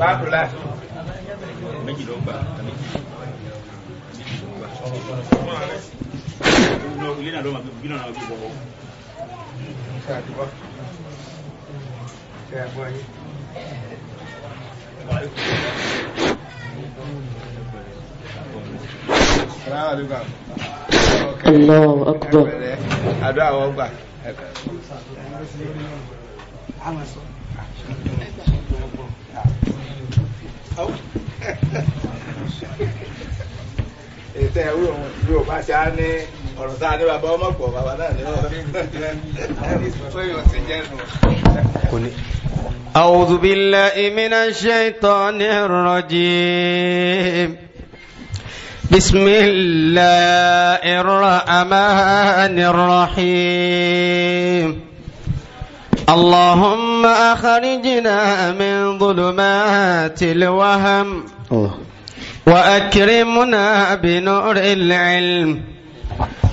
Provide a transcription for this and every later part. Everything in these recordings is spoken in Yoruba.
báàbùlá méjì ló gbà méjì ló gbà ilé náà ló máa bí náà bí bọ̀wọ̀. Allahu akbar. Àdó àwọn gbà. Oh. ètò ẹ̀rú òun bí o bá ṣe á ní ọ̀rọ̀ tá a ní bàbá ọmọ pọ̀ bàbá náà ní ọ̀rọ̀. أعوذ بالله من الشيطان الرجيم بسم الله الرحمن الرحيم اللهم أخرجنا من ظلمات الوهم وأكرمنا بنور العلم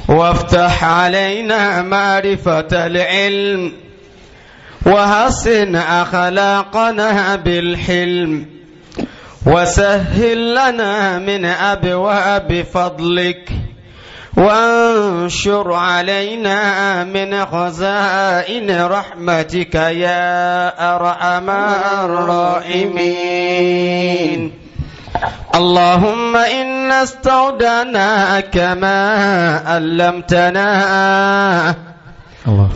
وافتح علينا معرفة العلم وحسن أخلاقنا بالحلم وسهل لنا من أبواب فضلك وانشر علينا من خزائن رحمتك يا أرحم الراحمين اللهم إنا استودعناك ما علمتنا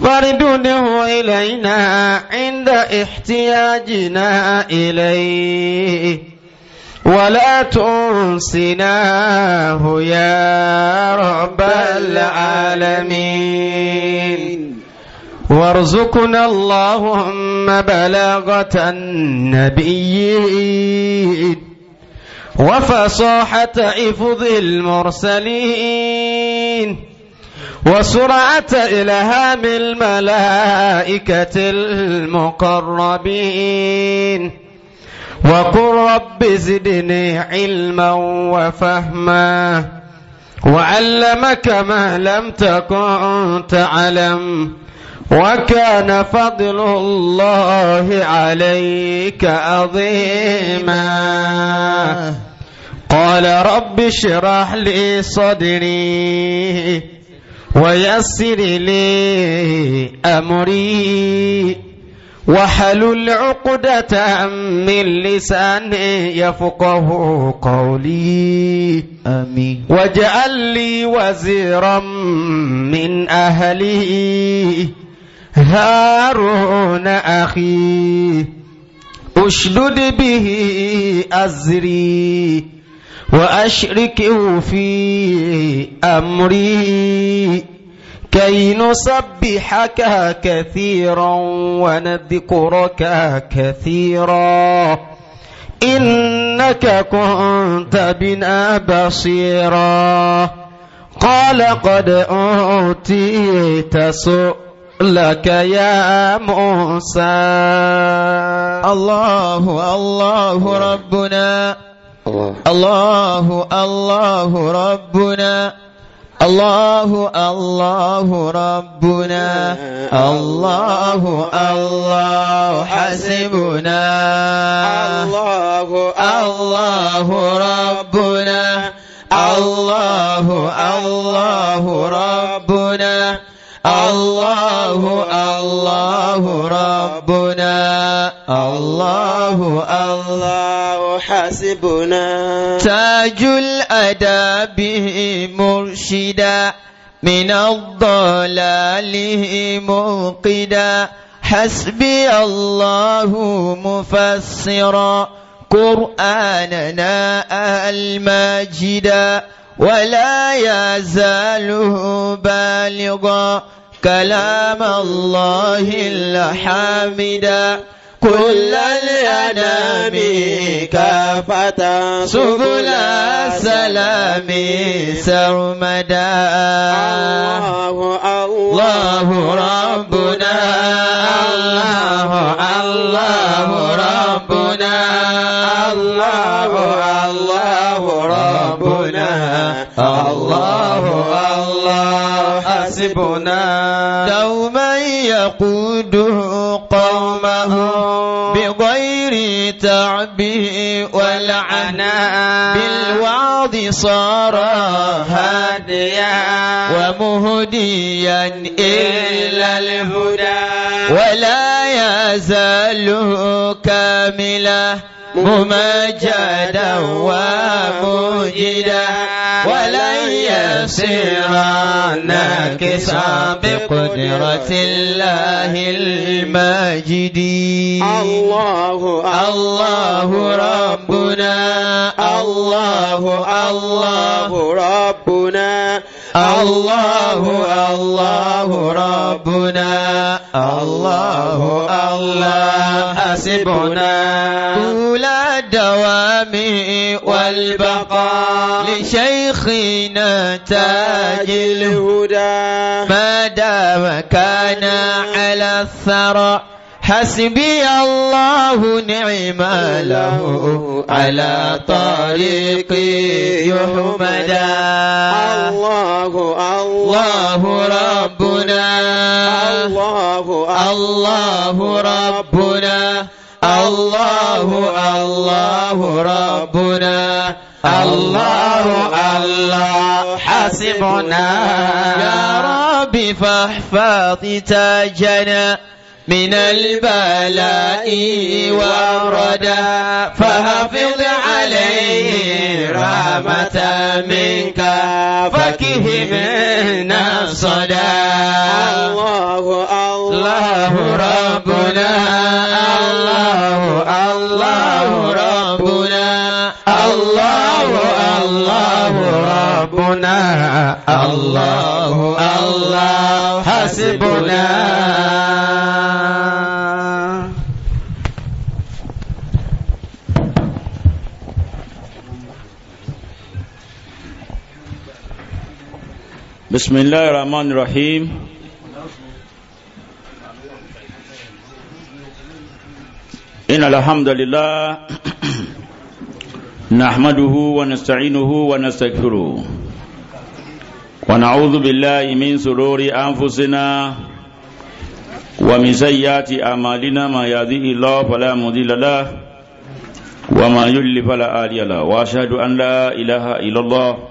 فردده إلينا عند احتياجنا إليه ولا تنسناه يا رب العالمين وارزقنا اللهم بلاغة النبيين وفصاحة عفظ المرسلين وسرعة إلهام الملائكة المقربين وقل رب زدني علما وفهما وعلمك ما لم تكن تعلم وكان فضل الله عليك عظيما قال رب اشرح لي صدري ويسر لي امري وحل عقدة من لساني يفقه قولي آمين واجعل لي وزيرا من أهلي هارون أخي أشدد به أزري وأشركه في أمري كي نسبحك كثيرا ونذكرك كثيرا إنك كنت بنا بصيرا قال قد أوتيت سؤلك يا موسى الله الله ربنا الله الله ربنا الله الله ربنا الله الله حسبنا الله الله ربنا الله الله ربنا الله الله ربنا الله الله حاسبنا تاج الأداب مرشدا من الضلال موقدا حسبي الله مفسرا قرآننا المجدا ولا يزال بالغا كلام الله الحامدا كل الأنام كافة سبل السلام سرمدا الله الله ربنا الله الله ربنا الله الله ربنا الله الله حسبنا دوما يقودهم قومه بغير تعبه والعناء بالوعظ صار هاديا ومهديا إلا الهدى ولا يزال كاملا ممجدا ومجدا ولا يسيرانك بقدرة الله الماجد الله الله ربنا الله الله ربنا الله الله ربنا الله الله حسبنا الدوام والبقاء لشيخنا تاج الهدى ما دام كان على الثرى حسبي الله نعم له على طريق يحمدا الله الله ربنا الله الله ربنا الله الله ربنا الله الله حسبنا يا رب فاحفظ تاجنا من البلاء والردى فحفظ عليه رحمة منك فكهمنا من الصدى الله الله ربنا الله الله ربنا الله الله ربنا الله الله حسبنا بسم الله الرحمن الرحيم إن الحمد لله نحمده ونستعينه ونستغفره ونعوذ بالله من سرور أنفسنا ومن سيئات أعمالنا ما يهده الله فلا مضل له وما يضلل فلا هادي له وأشهد أن لا إله إلا الله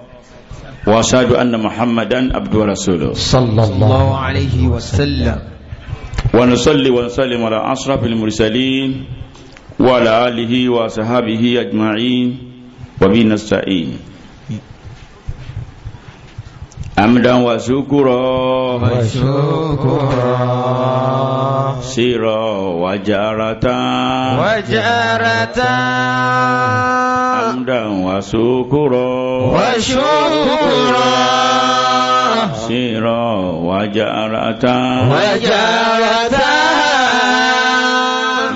وأشهد أن محمدا عبده ورسوله صلى الله عليه وسلم ونصلي ونسلم على أشرف المرسلين وعلى آله وصحبه أجمعين وبه نستعين حمدا وشكرا وشكرا سيرا وجارة وجارة حمدا وشكرا وشكرا سيرا وجارة وجارة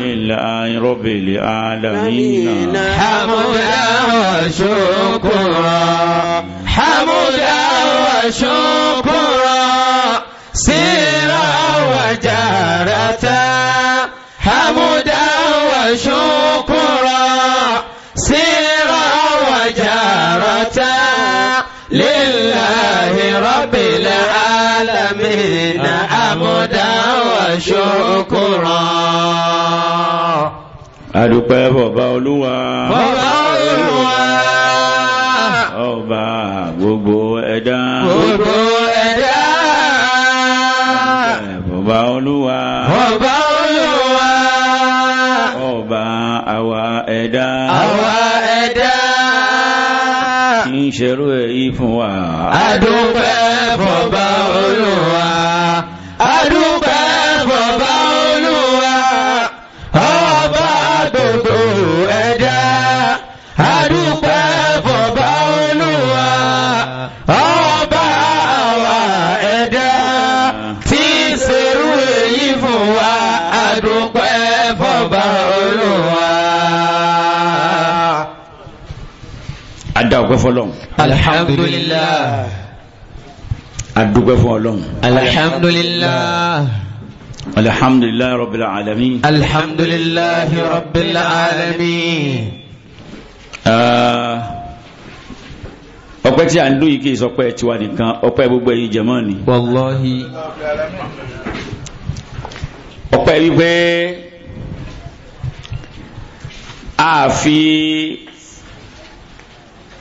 لله رب العالمين حمدا وشكرا حمدا وشكرا سيرا وجارتا حمدا وشكرا سيرا وجارتا لله رب العالمين حمدا وشكرا adúpẹ́ bọ̀bá olúwa. bọ̀bá olúwa. ọba ẹ̀dá. Gbogbo ẹ̀dá. Ọba olúwa. Ọba olúwa. Ọba àwa ẹ̀dá. Àwa ẹ̀dá. Kì í ṣerú èyí fún wa. Adúpẹ́ fọba olúwa. Adúpẹ́. dá ọpẹ́ fọ́lọ́run. alhamdulilah. adúpẹ́ fún alhamdulilah. alhamdulilah rabbil alamin. alhamdulilah rabbil alamin. ọpẹ́ tí a ń lò yìí kì í sọpẹ́ tiwa nìkan ọpẹ́ gbogbo ẹ̀yin jẹmọ ni. wàláhi. ọpẹ́ wípé a fi.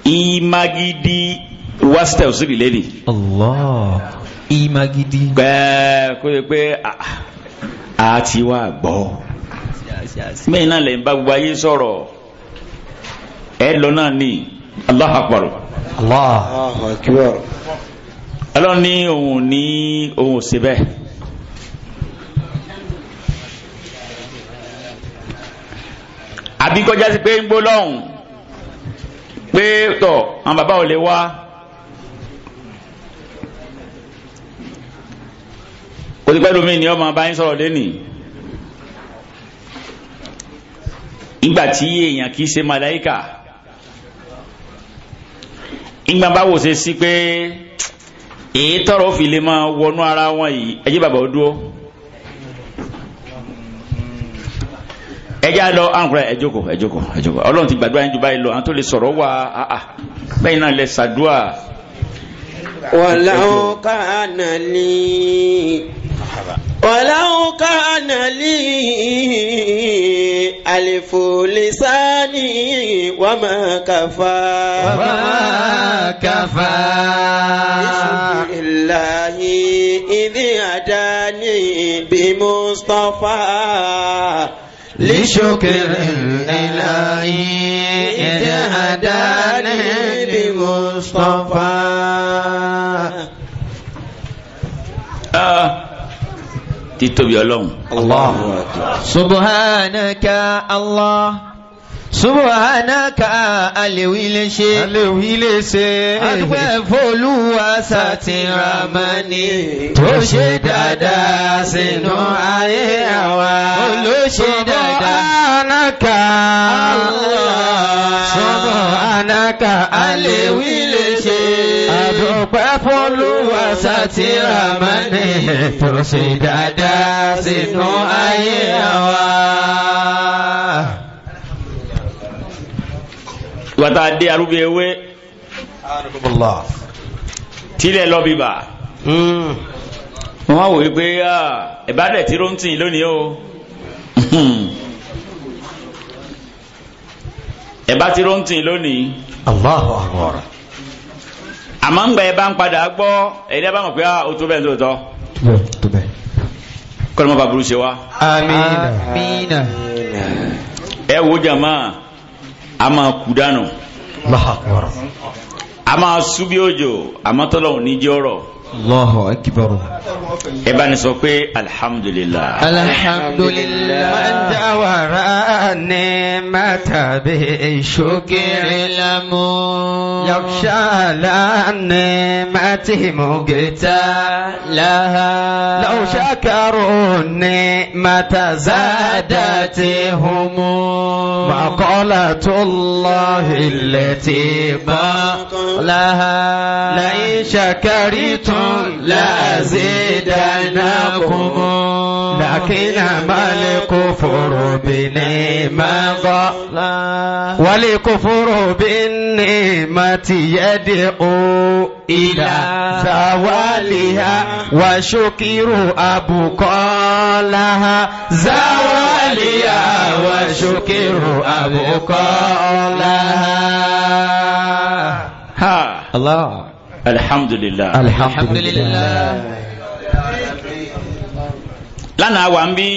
imagidi wasitel siri leni Allah imagidi. gbẹ́ẹ́ kó pé a ti wá gbọ́. mẹ́yìn náà gbogbo ayé sọ̀rọ̀ ẹ lọ náà ní Allahu Akbar. Allahu ní òun ní òun ṣe bẹ́ẹ̀. àbíkọjá pé ń gbó pé tọ̀ àwọn bàbá ò lè wá. kò sí pẹ́ẹ́lú mi ni ọmọ bá sọ̀rọ̀ lẹ́nìí. ìgbà tí èèyàn kì í ṣe màláìkà ìgbà báwo ṣe sí pé èyí tọrọ òfin lè máa wọnú ara wọn yìí ẹjẹ bàbá ó dúró. ẹjá lọ àǹkúrẹ́ ẹjókò ẹjókò ẹjókò ọlọ́run ti gbàdúrà yín ju báyìí lọ àwọn tó lè sọ̀rọ̀ wá àà bẹ́ẹ̀ náà lẹ ṣàdúà. wàláwó kàánà lè wàláwó kàánà lè àlefò lè sáni wà má kàfà. wà má kàfà. bisimilahi ìdí àdáni bí mustapha. لشكر الإلهي إذ هداني لمصطفى títóbi ọlọ́run. Allah. Subhanaka Allah. Subhanaka alewile ṣe. Alewile ṣe. Adúpẹ́ f'Olúwa sàtìramani. Tó ṣe dáadáa sínú ayé àwa. Olóṣèdá. Subhanaka àlèwí lè ṣe. Àdùpẹ́ fọ́lúwà sátìrà mọ́ni tó ṣe dáadáa sínú ayé àwa. Ìwàtà dé arúgbó ewé. Tílẹ̀ lọ bíbà. Wọ́n hmm. wá wò wípé ẹ̀bá tí ló ń tì lónìí o. ẹ bá ti rántí lónìí. Allahu Akbar. àmọ́ ń gbà ẹ bá ń padà gbọ́ ẹ̀dá bá mọ̀ pé ah, ó tó bẹ́ẹ̀ lóòótọ́. tó bẹ́ẹ̀. kọ́ni mo bá burú ṣe wá. amiina. ẹ wo jàmá a máa kú dànù. Allahu Akbar. a máa sú bí òjò àmọ́ tọ́lọ́hún ní jẹ́ الله أكبر إبن سوقي الحمد لله الحمد لله ما دور النعمة بشكر لو شاء لاني ما مقتا لها لو شكروا ما زادت هم مقالة الله التي بقلها لئن شكرتم لا زيدناكم لكن ما الكفر بنعمة والكفر بالنعمة يدعو إلى زوالها وشكر أبو قالها زوالها وشكر أبو قالها ها الله alhamdulillah alhamdulillah lánàá wà ń bí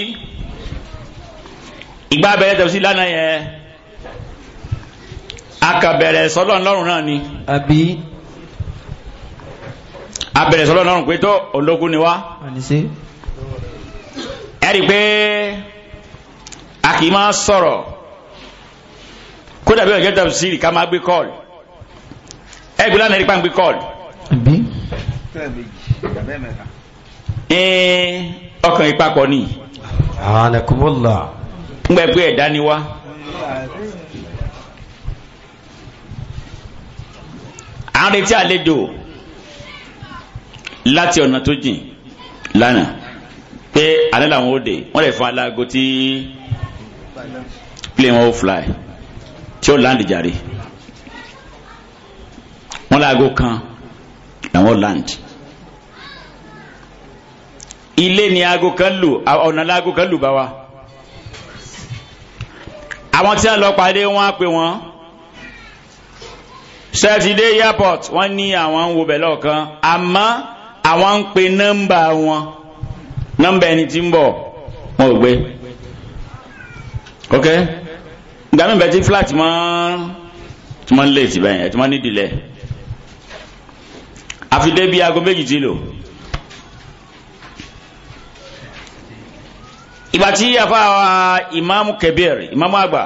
ìgbà abẹ́rẹ́ tẹ̀sí lánàá yẹn akabẹ̀rẹ̀ sọ́lọ́ ńlọ́run náà ni. àbí. abẹ̀rẹ̀ sọ́lọ́ ńlọ́run pé tó ológun ni wá. àníṣe. ẹ rí i pé a kì í máa sọ̀rọ̀ kódà bí ọ̀jẹ̀ tẹ̀sí ká máa gbé kọ́ọ̀lù ẹ gbé lánàá rí i pa ń gbé kọ́ọ̀lù àbí. ẹ̀ẹ́n ọkàn ìpapọ̀ ni. alekumula. ń gbẹ pé ẹ̀dá ni wá. à ń retí àlejò láti ọ̀nà tó jìn lánàá pé alẹ́ làwọn ó dé wọ́n lè fún alágo tí plane wọn ó fly tí ó land jàre wọ́n láago kan àwọn land ilé ni aago kan lù ọ̀nà láago kan lù bá wa àwọn tí wọ́n lọ pàdé wọ́n á pè wọ́n sátidé airport wọ́n ní àwọn ń wo bẹ̀lẹ̀ ọ̀kan àmọ́ àwọn ń pe nọ́mbà wọn nọ́mbà ẹni tí ń bọ̀ wọn ò gbé ok gbàmíbẹ̀ tí flat mọ́ tí wọ́n lè tì bẹ́yẹn tí wọ́n ní dìlẹ̀ àfi débi aago méjì tí lò. ìgbà tí afa ìmáàmù kẹbíẹ̀rì ìmáàmù àgbà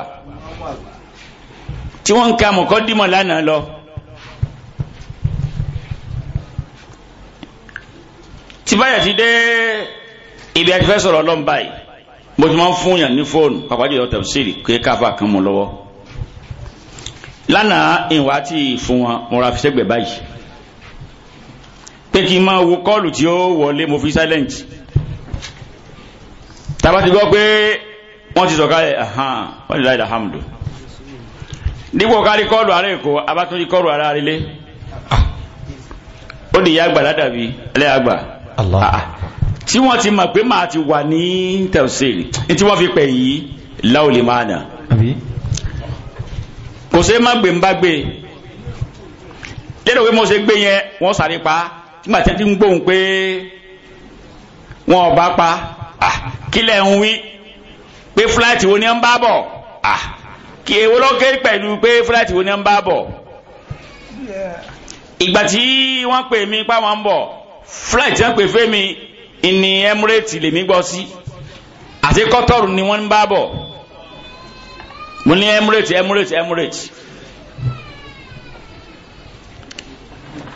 tí wọ́n ń ka mọ̀kọ́ dìmọ̀ lánàá lọ. tìbáyà ti dé ibi àti fẹ́ sọ̀rọ̀ ọlọ́run báyìí mo ti máa ń fún yàn ní fóònù pàpàjẹ́ ìlọ́tà sílì kí káfà kan mú lọ́wọ́ lánàá ìwà àti ìfún wọn mo ra fi sẹ́gbẹ̀ẹ́ báyìí pé kí n máa wo kọ́ọ̀lù tí ó wọlé mo fi silent tàbá ti gbọ́ pé wọ́n ti sọ̀kalẹ̀ ahan wọ́n ti láì dàhámdù dípò kárí kọ́ọ̀lù ará èkó abátúndí kọ́ọ̀lù ará arílé ó di ìyá àgbà ládàbí ẹlẹ́ àgbà ah, ah. tí wọ́n ti mọ̀ pé màá ti wà ní tẹ̀sílì ní tí wọ́n fi pẹ̀ yìí láò lè máa nà kò sí má gbé ń bá gbé lérò pé mo ṣe gbé yẹn wọ́n sáré pa á nígbà tí wọ́n ti ń gbóhùn pé wọn ò bá pa kílẹ̀ ń wí pé fúláìtì wo ni ń bá bọ̀ kí èwo lọ́kẹ́ pẹ̀lú pé fúláìtì wo ni ń bá bọ̀ ìgbà tí wọ́n pè mí pa wọ́n ń bọ̀ fúláìtì wọ́n pè fẹ́ mi ní Emirates lèmi gbọ́ sí àti kọ́tọ́rù ni wọ́n ń bá bọ̀ mo ní Emirates Emirates Emirates.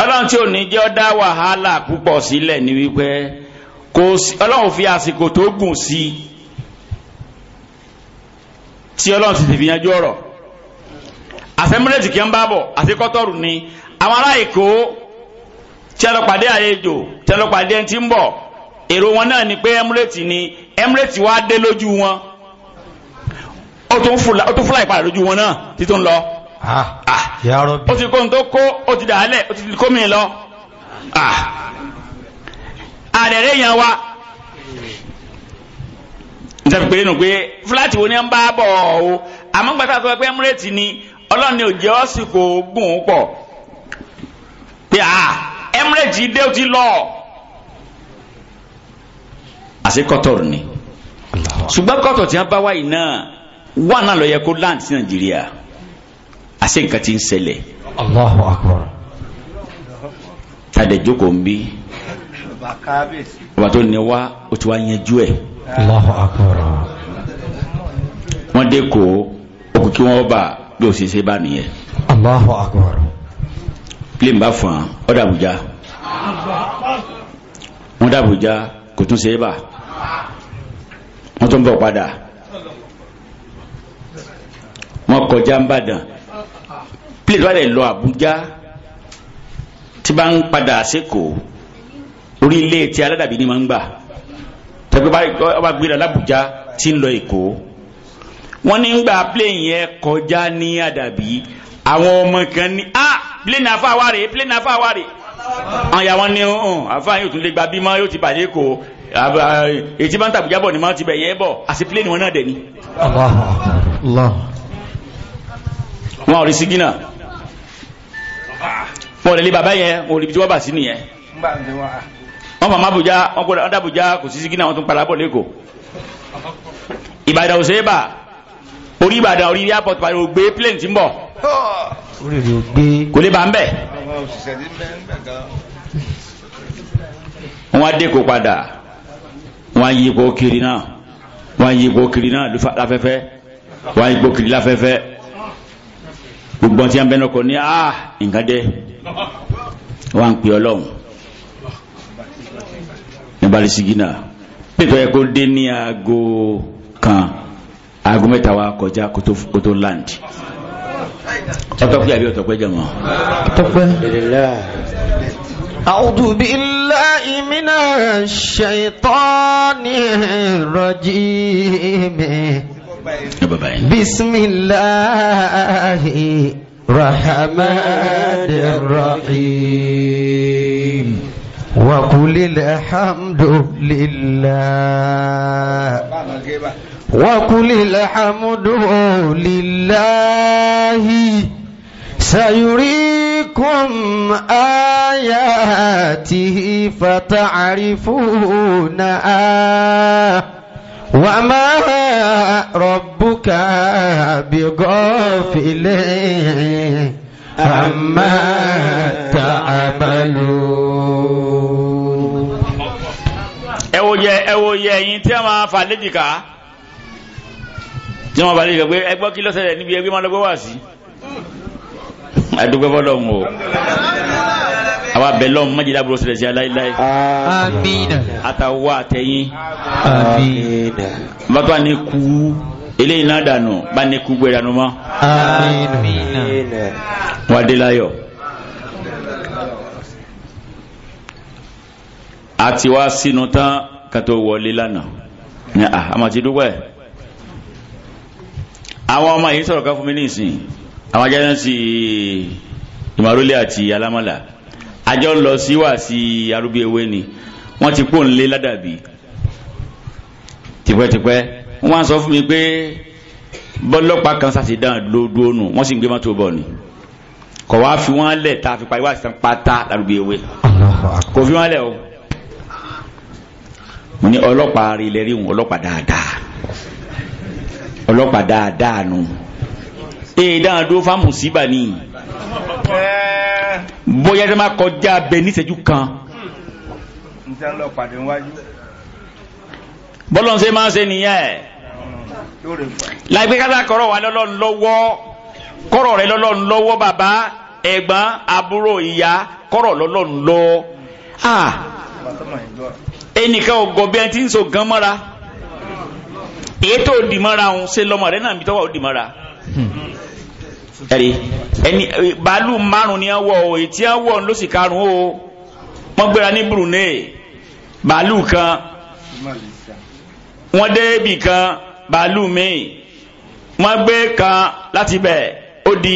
ọlọ́run tí ò ní jẹ́ ọ́ dá wàhálà púpọ̀ sílẹ̀ ní wípé kò sí ọlọ́run fi àsìkò tó gùn sí i tí ọlọ́run sì ti fi yanjú ọ̀rọ̀ àsẹ́múlẹ̀tì kí ń bá bọ̀ àtikọ́tọ̀rù ni àwọn ará èkó tí a lọ pàdé àyejò tí a lọ pàdé ẹni tí ń bọ̀ èrò wọn náà ni pé emirate ni emirate wá dé lójú wọn ó tún fúláì padà lójú wọn náà títún lọ. Ah. ó ti kóhun tó kó ó ti dàálẹ̀ ó ti kó mi lọ ah. àrẹ̀rẹ̀ wa n tẹ́ fi pé wo ni ń bá bọ̀ o àmọ́ gbàtà ni ọlọ́run ni ò jẹ́ ọ́sìkò gùn pọ̀ a emirate dé oti ti lọ àṣẹ ni ṣùgbọ́n kọ́tọ̀ tí wọ́n bá wáyé náà wà náà lọ yẹ kó sí nàìjíríà. àṣẹ nǹkan tí ń ṣẹlẹ̀ Allahu Akbar tàdé jókòó ń bí ọba tó ní wá ó ti wá yanjú ẹ̀ Allahu Akbar wọ́n dé kó okùn kí wọ́n bá bí ó ṣe ṣe bá nìyẹn Allahu Akbar plane bá fún un ó dàbújá wọ́n dàbújá kò tún ṣe é bá wọ́n tún bọ̀ padà wọ́n kọjá ń bàdàn bí ìlú àlẹ́ lọ Àbújá tí bá ń padà sẹ́kọ̀ọ́ orí ilé tí aládàbí ni máa ń gbà tẹ́gbẹ́ bá gbéra lábújá tí ń lọ Èkó wọ́n ní gbà plane yẹn kọjá ní àdàbí àwọn ọmọ kan ní ah plane afa wa rè plane afa wa rè àwọn ìyá wọn ọ̀hún afa yóò tún lè gba bímọ yóò ti bàjẹ́ kó ètí bá ń tàbújá bọ̀ ni máa ti bẹ̀ yẹ bọ̀ àti plane wọn náà dẹ̀ ni. Allah Allah. rí sí wọn lè lé bàbá yẹn wọn lè fi tí wọ́n bà sí nìyẹn. wọ́n mọ̀ mábùjá wọ́n kó ọ̀dà àbújá kò sí sígínà wọn tún padà bọ̀ lẹ́kọ̀ọ́. ìbàdàn ò ṣe é bà orí ìbàdàn orí ilé airport pariwo gbé plane ti ń bọ̀. kò lè bà ń bẹ̀. wọ́n á dé kó padà wọ́n á yí ipò kiri náà wọ́n á yí ipò kiri náà láfẹ́fẹ́ wọ́n á yí ipò kiri láfẹ́fẹ́ gbogbo ọtí abẹ́nukọ ní a ah, nǹkan dẹ́ wà ń pè ọlọ́run níbalẹ̀ sigina pípẹ́ yẹ kó dé ní aago kan aago mẹ́ta wa kọjá kó tó land ọtọ́pẹ́ àbí ọtọ́pẹ́ jẹ́ mọ́. ọtọ́pẹ́. أعوذ بالله من الشيطان الرجيم بسم الله الرحمن الرحيم وقل الحمد لله وقل الحمد لله سيريكم آياته فتعرفونها وما ربك بغافل عما تعملون ẹ wo yẹ ẹ yẹ ẹ̀yin tí a máa fà léjìká tí a máa fà léjìká ẹgbọ́n kí ló ṣẹlẹ̀ níbi ẹgbẹ́ máa lọ́gbẹ́ wá sí a dúpẹ́ fọ́lọ́ ń o àwa bẹ̀lọ́ májèlá burú sílẹ̀ sí aláìláì àmín àtàwọ̀ àtẹ̀yìn àmín bàbá ní kú eléyìí náà dànù bá ní kú gbẹ̀rẹ̀ dànù mọ́ àmín wà dé láyọ̀ àti wá sínú tán kàtó wọlé lánàá ní àmàtí ah, dúpẹ́ àwọn ọmọ yìí sọ̀rọ̀ ká fún mi ní ìsìn àwọn si ìmọ̀rólé àti alámọ̀là àjọ ń lọ sí wàásí arúgbó ewé ni wọ́n ti pòun lé ládàbí tipẹ́tipẹ́ wọ́n wá sọ fún mi pé bọ́lọ́pàá kan sàṣìdán lódóònù wọ́n sì ń gbé mọ́tò bọ̀ ni kọ̀ wá fi wọ́n lẹ̀ tá a fi parí wàásí pátá lárúgbó ewé kò fi wọ́n lẹ̀ o mo ní ọlọ́pàá rí lẹ́rí òun ọlọ́pàá dáadáa ọlọ́pàá dáadáa nù. No ee eh, dáhà dúró fáwọn mùsíbà ni bóyá ẹ máa kọjá abẹ níṣẹ́jú kan. bọ́lọ̀ ṣe máa ń ṣe nìyẹn láìpẹ́ kátà kọ́rọ̀ wà lọ́lọ́run lọ́wọ́ kọ́rọ̀ rẹ lọ́lọ́run lọ́wọ́ bàbá ẹ̀gbọ́n àbúrò ìyá kọ́rọ̀ lọ́lọ́run lọ. ẹnìkan ò gọ̀ bí ẹni tí ń so gan mọ́ra èyí tó dì mọ́ra òun ṣe lọ́mọ rẹ náà bí tọ́wọ́ ò dì mọ́ra. Hmm. ẹ̀rí ẹni bàálù márùn ni wọ́n wọ̀ o ètí wọ̀ ló sì karùn o wọ́n gbéra ní Brunei bàálù kan wọ́n dé ibì kan bàálù míì wọ́n gbé kan láti bẹ̀ ó di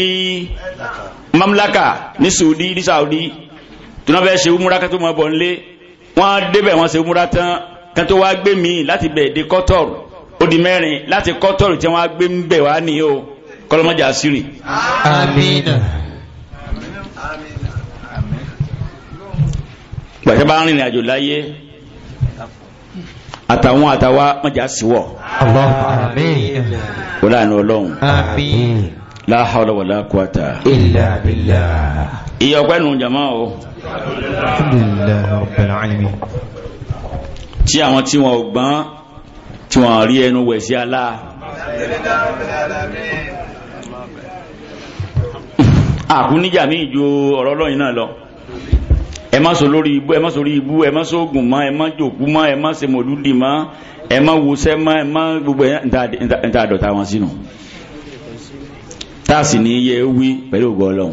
mamlaka ní Saudi ní Saudi tó náà fẹ́ ṣe umura kátó mọ́ bọ̀ nílé wọ́n débẹ̀ wọ́n ṣe umura tán kátó wá gbé míì láti bẹ̀ dé kọ́tọ̀rù ó di mẹ́rin láti kọ́tọ̀rù tí wọ́n á gbé ń bẹ̀ wá nìyó kọlọmọjà sírì. amina. gbàtẹ́ bá ń rìnrìn àjò láyé àtàwọn àtàwa mọ̀já síwọ̀. o láàánú ọlọ́run. la hawla wala quwata. illa billah. iye ọpẹ́ nù jama o. rabbil alamin. tí àwọn tí wọn ò gbọ́n tí wọn rí ẹnu wẹ̀ sí aláà. àkúnníjà mi ju ọ̀rọ̀ lọ́yìn náà lọ ẹ má lórí ibú ẹ má sọ lórí ibú ẹ má sọ oògùn mọ́ ẹ má jòkú ẹ má ẹ má wusẹ́ ẹ má gbogbo ẹ níta wọn sínú tá a sì ní yẹ wí pẹ̀lú ògo Ọlọ́run.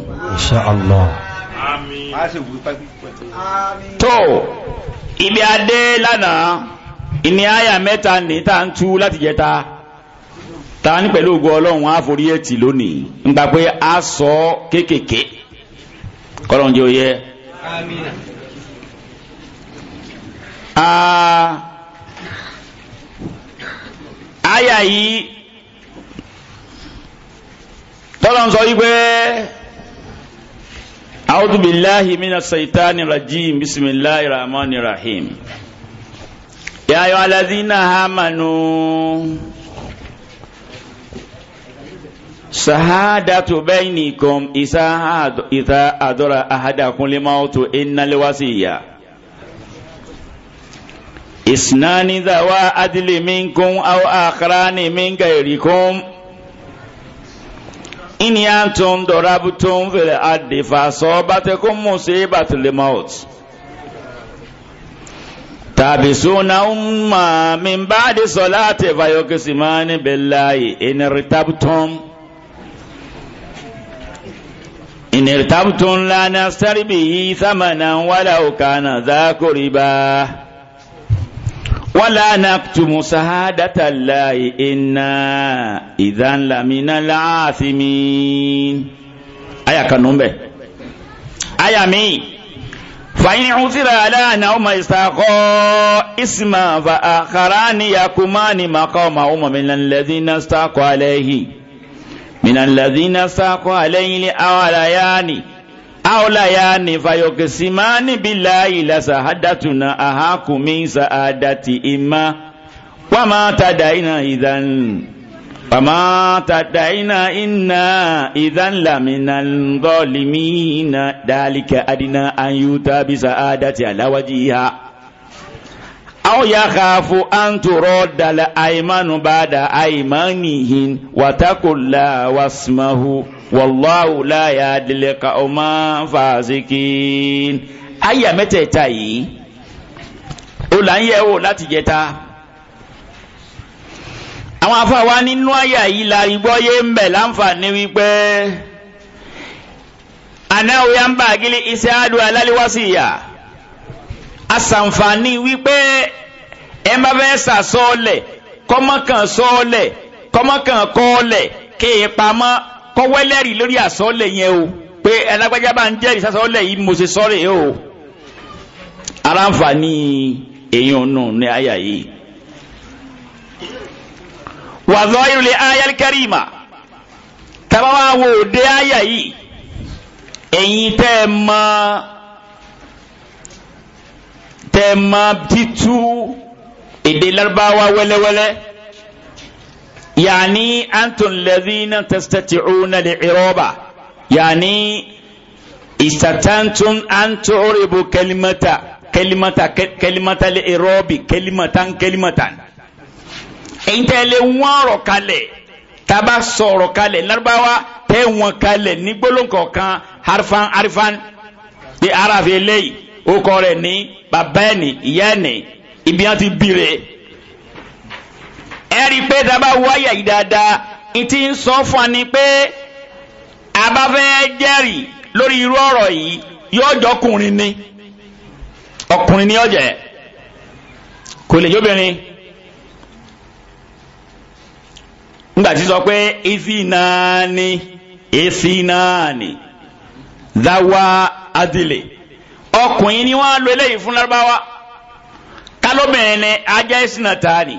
tó ibi adé lánàá ìní àyà mẹ́ta ní tá ń tú láti ta ní pẹ̀lú ògo ọlọ́run á forí ẹ̀ tì lónìí nígbà pé a sọ ọ́ kéékèèké kọ́lọ́run jẹ́ oyẹ. àyà yìí tọ́lọ́run sọ wípé a'udhu billahi minash shaitani rajim bismillahir rahman rahim ya ayyuhal ladhina shahadatu bainikum idha hadara ahadakumul mautu innal wasiyya isnani dhawa adli minkum aw akharani min ghairikum in antum darabtum fil ardi fasabatukum musibatul maut tabisuna umma min ba'di salati fayokisimani billahi in irtabtum ìnìtàbùtún ńlá ní sárìbì yìí sámànà wàlà òkànà zákòrìbá wàlà nàkùtùmù sàádàtà láì iná ìdánlámínà láàfimí. àyà kan nùbẹ. àyà mi fàyín ìhùnsíra aláàánà ọmọ ìsàkọ ìsìmà fà àkàrà ni yakuma ni màkà ọmọ ọmọ mi lẹ́dínà sàkọ àlẹ́ من الذين ساقوا عليه أو لياني أو لياني فيقسمان بالله لسهدتنا أهاك من اما وما تدعينا إذا وما تدعينا إنا إذا لمن الظالمين ذلك أدنى أن يؤتى بسعادة على وجهها aw yakhafu an turadda la aymanu ba'da aymanihim watakulla wasmahu wallahu la yahdil qauman fasikin aya mẹ́tẹ̀ẹ̀ta yìí ó là ń yẹ̀ wò láti jẹta àwọn afáwa nínú àyà yìí la ìgbọ́yé ń bẹ̀ láǹfààní wípé anáwó yá ń bá àgílí iṣẹ́ àdúrà lálẹ́ wá asànfàní wípé ẹ má fẹ́ sà sọ́ọ̀lẹ̀ kọ́mọ́kàn sọ́ọ̀lẹ̀ kọ́mọ́kàn kọ́ọ̀lẹ̀ kéè pamọ́ kọ́wẹ́lẹ́rì lórí àsọ́ọ̀lẹ̀ yẹn o pé ẹlágbájá bá ń jẹ́rìí sásọ́ọ̀lẹ̀ yìí mo ṣe sọ́ọ̀rẹ̀ o ara ń fà ní èèyàn nù ní àyà yìí. wàzọ́ ìrìlẹ̀ ayal karima tábà wà wò dé àyà yìí èyí tẹ́ ẹ máa tẹ́ ma títú èdè Lárúbáwá wẹ́lẹ́wẹ́lẹ́ yàní antum ladhina tastati'una li'iroba yàní istatantum an tu'ribu kalimata kalimata kalimata li'irobi kalimatan kalimatan ẹ̀yin tẹ́ lé wọ́n ọ̀rọ̀ kalẹ̀ taba sọ̀rọ̀ kalẹ̀ Lárúbáwá tẹ́ wọ́n kalẹ̀ ní gbólóǹkọ̀ọ̀kan harfan harfan bí arafi eléyìí. ó kọ́ ní bàbá ẹni ibi ti bìrè ẹ rí pé tá wáyà yìí dáadáa n ti ń fún wa ni pé lórí irú yìí yóò jọkùnrin ni ọkùnrin ni ọ̀jẹ̀ kò lè jóbìnrin nígbà isi náà ni isi náà ni zawa ọkùnrin ni wọ́n á lo eléyìí fún lárúbáwá kálọ́bìnrin ni ajá ìsìnà ta ni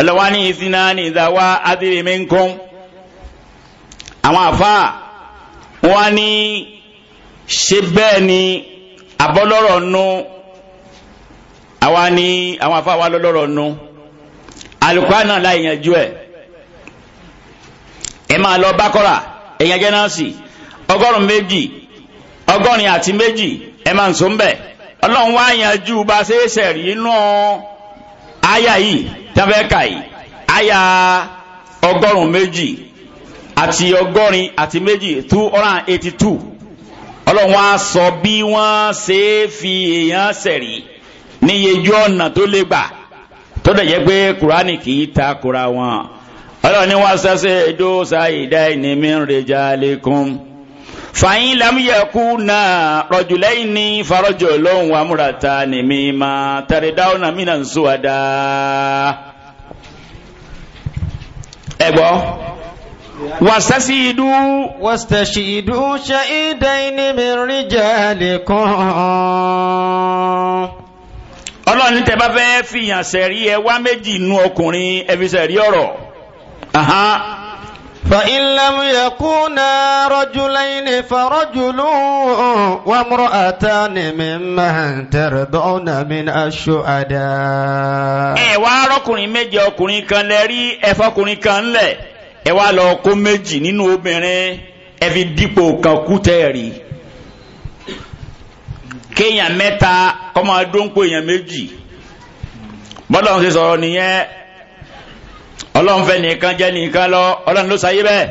ọlọ́wání ìsìnà ni ìdáwá adìrẹ mi ń kún àwọn àfáà wọ́n ní ṣe bẹ́ẹ̀ ni abọ́lọ́rọ̀ nu àwa ni àwọn àfáà wa lọ́lọ́rọ̀ nu alùpàá náà láì yanjú ẹ̀ ẹ máa lọ bákọ́ra ẹ̀yàn jẹ́ náà sì ọgọ́rùn-ún méjì ọgọ́rin àti méjì ẹ máa ń so ń bẹ̀ ọlọ́run wá yanjú bá ṣe é sẹ̀rí inú àyà yìí tẹ́fẹ́ kà yìí àyà ọgọ́rùn-ún méjì àti ọgọ́rin àti méjì two hundred and eighty two ọlọ́run wá sọ bí wọ́n ṣe é fi èèyàn sẹ̀rí níyejú ọ̀nà tó lè gbà tó dẹ̀ jẹ́ pé kùránì kì í ta kura wọn ọlọ́run ní wọ́n ṣẹ́ṣẹ́ ìdó ṣáà ìdá ìní mi ń rejà lẹ́kùn fàyín lamuyẹ̀kú náà rọ̀jùlẹ́yìn ní farajọ̀ lọ́hùn amúrata ní mímá tẹ̀rẹ̀dáwọ̀ náà mìíràn zuwada. ẹ gbọ́ wàsásìdú. wàsásìdú ṣàìdẹ́yìn min rijalikum. ọlọ́run tẹ bá fẹ́ fìyàn sẹ̀rí ẹ wá méjì nú ọkùnrin ẹ fi ọ̀rọ̀. فإن لم يكونا رجلين فرجل وامرأتان ممن ترضون من الشهداء ẹ wá arọkùnrin méje ọkùnrin kan lẹ rí ẹfọkùnrin kan lẹ ẹ wá lọ kó méjì obìnrin ẹ fi dípò kan kú tẹ ẹ rí kéèyàn bọlọ ọlọ́run fẹ́ nìkan jẹ́ nìkan lọ ọlọ́run ló sayé bẹ́ẹ̀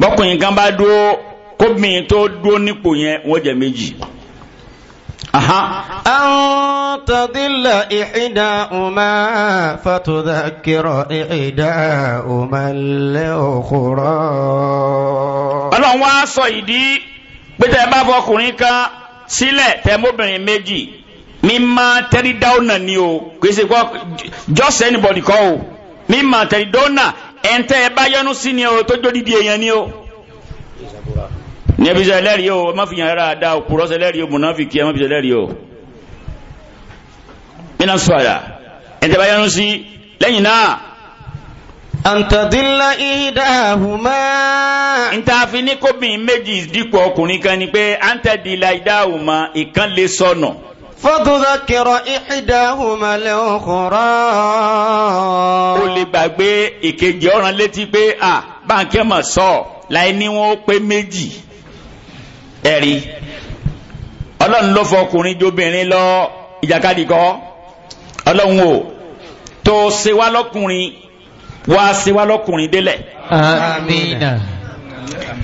bọ́kùnrin kan bá dúró kóbìnrin tó dúró nípò yẹn wọ́n jẹ méjì. أن تضل إحداهما فتذكر إحداهما الأخرى. ọlọ́run wá sọ ìdí pé bá fọkùnrin kan sílẹ̀ tẹ́ mọ́bìnrin méjì mímá tẹ́rí dáwọ́ náà ni o kì í ṣe kọ́ just anybody kọ́ o mímọ̀ tẹ̀dọ́nà ẹ̀ǹtẹ́ ẹ bá yọnu sí ni o tó jó dídí èèyàn ni o. ní ẹbí sọ ẹlẹ́rìí o má fi yàn rárá da òkúrọ́ sọ ẹlẹ́rìí o mùnáfíkì ẹ má fi sọ ẹlẹ́rìí o. mina sọ̀rọ̀ ẹ̀ǹtẹ́ bá yọnu sí lẹ́yìn náà. àǹtàdínlá ìdáhùmá. níta fi ní kóbìn méjì dípò ọkùnrin kan ni pé àǹtàdínlá ìdáhùmá ìkan sọnù. So no fọ́túndákẹrọ ìdáhùnmà lẹ́ọ̀kọ̀rọ̀. ó lè gbàgbé ìkejì ọ̀ràn létí pé à báńkì mọ̀ sọ láì ní wọn ó pé méjì ẹ̀rí ọlọ́run ló fọkùnrin jóbìnrin lọ ìjàkadì kọ́ ọlọ́run o tó ṣe wá lọ́kùnrin wá ṣe wá lọ́kùnrin délẹ̀. amiina. Ah,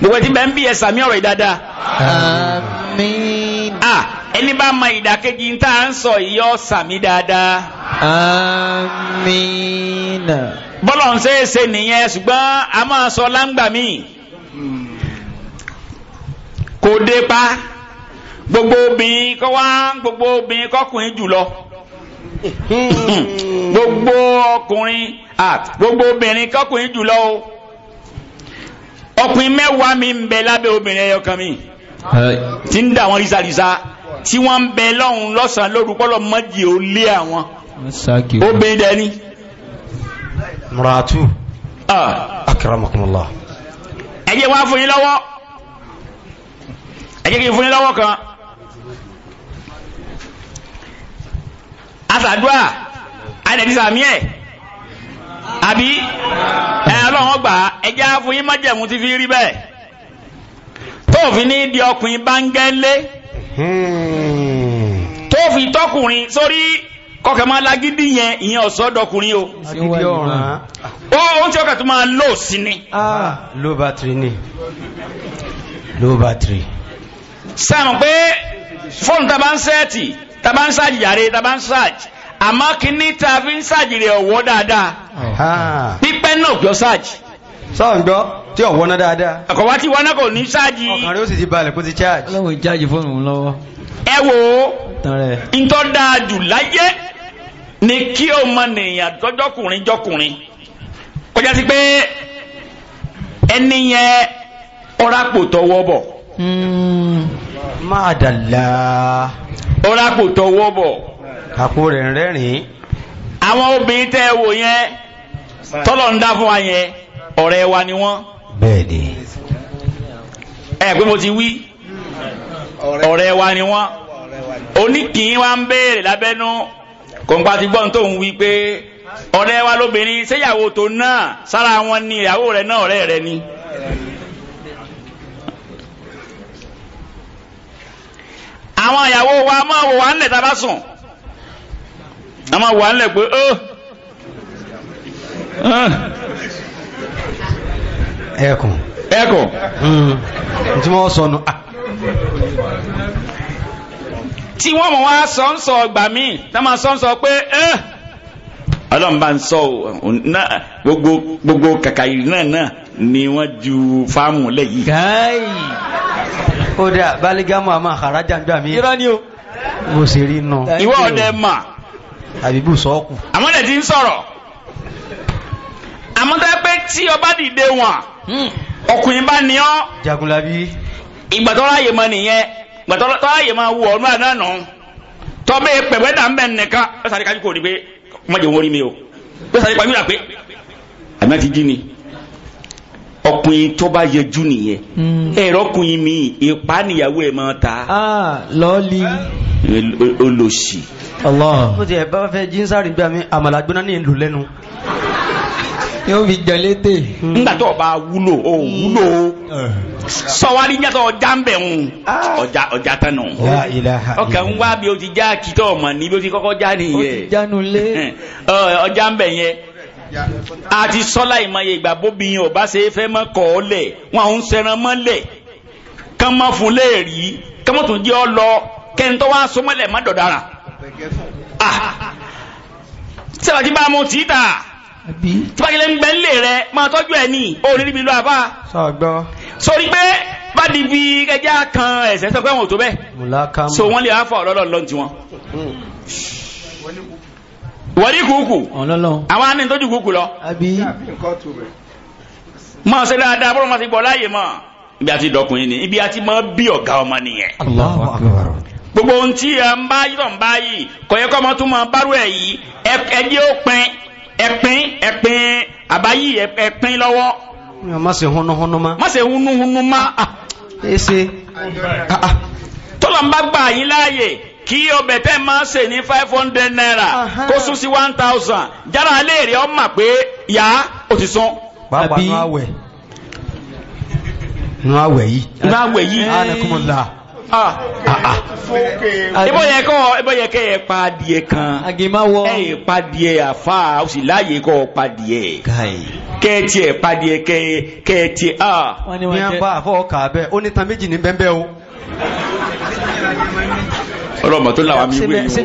gbogbo ẹtí bẹ́ẹ̀ ń sami ẹ sàmì ọ̀rọ̀ a ẹni bá ma ìdàkejì tá à ń sọ yìí ọ sàmì dáadáa. àmín. bọ́lọ̀ ń ṣeéṣe a ma sọ láǹgbà míì kò dé pa gbogbo obìnrin kọ́ wá gbogbo obìnrin kọ́kùnrin jùlọ hmm. gbogbo ọkùnrin gbogbo obìnrin kọ́kùnrin jùlọ o. ọkùnrin mẹ́wàá mi ń bẹ lábẹ́ obìnrin ẹyọ kan mi tí ń dà wọ́n rísàrísà tí wọ́n ń bẹ lọ́hùn lọ́sàn-án lórúkọ́lọ́ mọ́jì ó lé àwọn obìnrin dẹni. muratu akramakumullah. ẹ jẹ́ wá fún yín lọ́wọ́ ẹ jẹ́ kí n fún yín lọ́wọ́ kan. asàdúrà àdẹ̀dísàmíẹ̀ àbí ẹ ọlọ́run gbà ẹjẹ́ á fún yín májẹ̀mú ti fi rí bẹ́ẹ̀ tófin ní di ọkùnrin báńgẹ́lé hmm. tófin tọkùnrin sórí kọkẹ́ máa lágídí yẹn ìyẹn ọ̀sọ́dọkùnrin o ó ohun tí ó kàtó máa lò sí ni. Ah. low battery ni low battery. sáà pé fóònù tá ń sẹ́ẹ̀tì tá ń ṣáàjì yàrá tá ń ṣáàjì àmọ́ kíní a fi ń ṣàjèrè ọ̀wọ́ dáadáa pípẹ́ náà jọ ṣáàjì. sọ́ọ̀ gbọ́ tí ọ̀wọ́ náà dáadáa. àkọ́wá tí kò ní ó sì ti balẹ̀ kó ti ṣáàjì. ọlọ́run ìjáàjì fóònù òun lọ́wọ́. ẹ wo ntọ́ dáa jù láyé ni kí o mọ nìyàn jọjọkùnrin kọjá pé ẹni yẹn ọ̀rápò tọwọ́ bọ̀. Hmm. àpò rẹ̀ ń rẹ́rìn. àwọn obìnrin tẹ́ ẹ wò yẹn tọ́lọ̀ ń dá fún wa yẹn ọ̀rẹ́ wa ni wọ́n. bẹ́ẹ̀ni. ẹ pé mo ti wí ọ̀rẹ́ wa ni wọ́n oníkìí wa ń béèrè lábẹ́nú kọ̀ǹpa ti gbọ́n tó ń wí pé ọ̀rẹ́ wa lóbìnrin séyàwó tó náà sára wọn ni ìyàwó rẹ̀ náà ọ̀rẹ́ rẹ̀ ni. àwọn ìyàwó wa máa wò wá ń lẹ̀ tá a máa wà nílẹ̀ pé ó ẹkùn ẹkùn hmm. tí wọ́n sọ nù tí wọ́n mọ̀ wá sọ ń sọ ọgbà míì tá máa sọ ń sọ pé ẹ́ ọlọ́run bá ń sọ gbogbo gbogbo kàkà yìí náà náà ni wọ́n ju fáàmù lẹ̀ yìí. gáì ó dà bálígámù àmọ́ àkàrà jàǹdà mi. irọ́ ni o. mo sì rí nù. ìwọ ọdẹ mà àbíbù sọ́ọ̀kù. àwọn ẹ̀dẹ̀ ti ń sọ̀rọ̀ àmọ́ tẹ́ pé tí ọba dìde wọn hmm. ọkùnrin bá ní ọ́. jagunlabi. ìgbà tó láàyè mọ nìyẹn ìgbà tó láàyè mọ wọ ọ̀nà àná nù tọ́bẹ̀ pẹ̀pẹ́ dà ń bẹ̀ nìkan ó sáré kájú kò rí pé ọmọdé wọn rí mi o ó sáré rà pé àmì àti jí ni ọkùnrin tó bá yẹjú nìyẹn hmm. ẹ̀rọ ọkùnrin mi ìpá níyàwó ẹ̀ máa ta. Ah, lọ́ọ̀lì. olóṣì. Allah. ó ti ẹ̀ bá fẹ́ jínsárì gbà mí àmàlà gbóná ní ìlú lẹ́nu yóò fi jẹlé tè. nígbà hmm. tó o bá wúlò o wúlò o eh. sọwárí nyàtọ̀ ọjà ń bẹ̀ ń ah. ọjà ọjà tán nù. ọkàn ń o ti já kìtọ̀ ọmọ ní bí o ti kọ́kọ́ já nìyẹn. o ti jánu lé. ọjà àti sọ́lá ìmọ̀ye ìgbà bóbiyàn ọba ṣe é fẹ́ mọ́ kọ́ ọ lẹ̀ wọn àwọn ń sẹran mọ́ lẹ̀ kán mọ́ fún léèrí kán mọ́ tún jẹ́ ọ lọ kẹ́ńtọ́ wá sọmọ́lẹ̀ má dọ̀dára. sẹ́wà tí bá a mọ̀ tì í ta tíbákẹ́lẹ́ ń gbẹ́ ń lè rẹ máa tọ́jú ẹ̀ ní orílẹ̀ ìlú àbá. sori pé bá di bí kẹjá kan ẹ̀sẹ̀ sọ pé wọn ò tó bẹ́ẹ̀. so wọ́n lè wá fọ ọ̀rọ̀ lọ́nà tiwọn. Hmm wọ́rí kúkú àwọn àmì tó ju kúkú lọ. máa ṣe dáadáa bọ́lá ma ti gbọ́ láàyè mọ́ ibi àti dọkùnrin ni ibi àti máa bí ọ̀gá ọmọ nìyẹn. Allahu Akbar gbogbo ohun tí ẹ ń bá yọ̀ ń bá yìí kọ̀yẹ́ kọ́ ọmọ tó máa bárò ẹ̀ yìí ẹjẹ́ ó pin ẹpin ẹpin àbáyé ẹpin lọ́wọ́. má ṣe hunuhunu ma. má ṣe hunuhunu ma. Ah, ese. Ah. tọ́lọ̀ ń bá gbà yín láàyè kí ọbẹ̀ tẹ́ máa ṣe ní five hundred naira kó sún sí one thousand jára alẹ́ rẹ̀ ọmọ pé yá o ti sún. bàbá nù awẹ nù awẹ yìí. nù awẹ yìí. Ah, anakunmọ̀lá. Ah. Ah, ibo yẹ kọ ibo yẹ kẹ ẹ pa adìẹ kan ẹ yẹ pa adìẹ àfa o sì láàyè kọ pa adìẹ kẹ ẹ tiẹ pa adìẹ kẹ ẹ kẹ ẹ tiẹ. ní a bá àfọwọ́ kà á bẹ́ẹ̀ ó ní tan méjì ní bẹ́ẹ̀ bẹ́ẹ̀ o ọlọ́mọ tó làwọn mi wé yìí o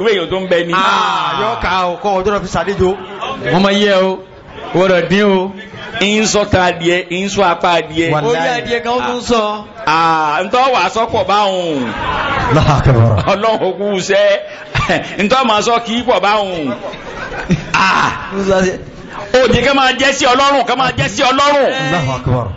ìwé èèyàn tó ń bẹ ni. Ah, yọ ká o kọ́ ọdún náà fi sàdéjò. wọ́n máa yẹ o wọ́dọ̀ dín o. ìyínsọ́ ta adìẹ ìyínsọ́ apá adìẹ. ó yá adìẹ kan ó tún ah. sọ. ntọ́ ah, wàá sọ́pọ̀ báwọn. ọlọ́run òkú sẹ́ ntọ́ màá sọ kì í pọ̀ báwọn òdì kan máa jẹ́ sí ọlọ́run kan máa jẹ́ sí ọlọ́run.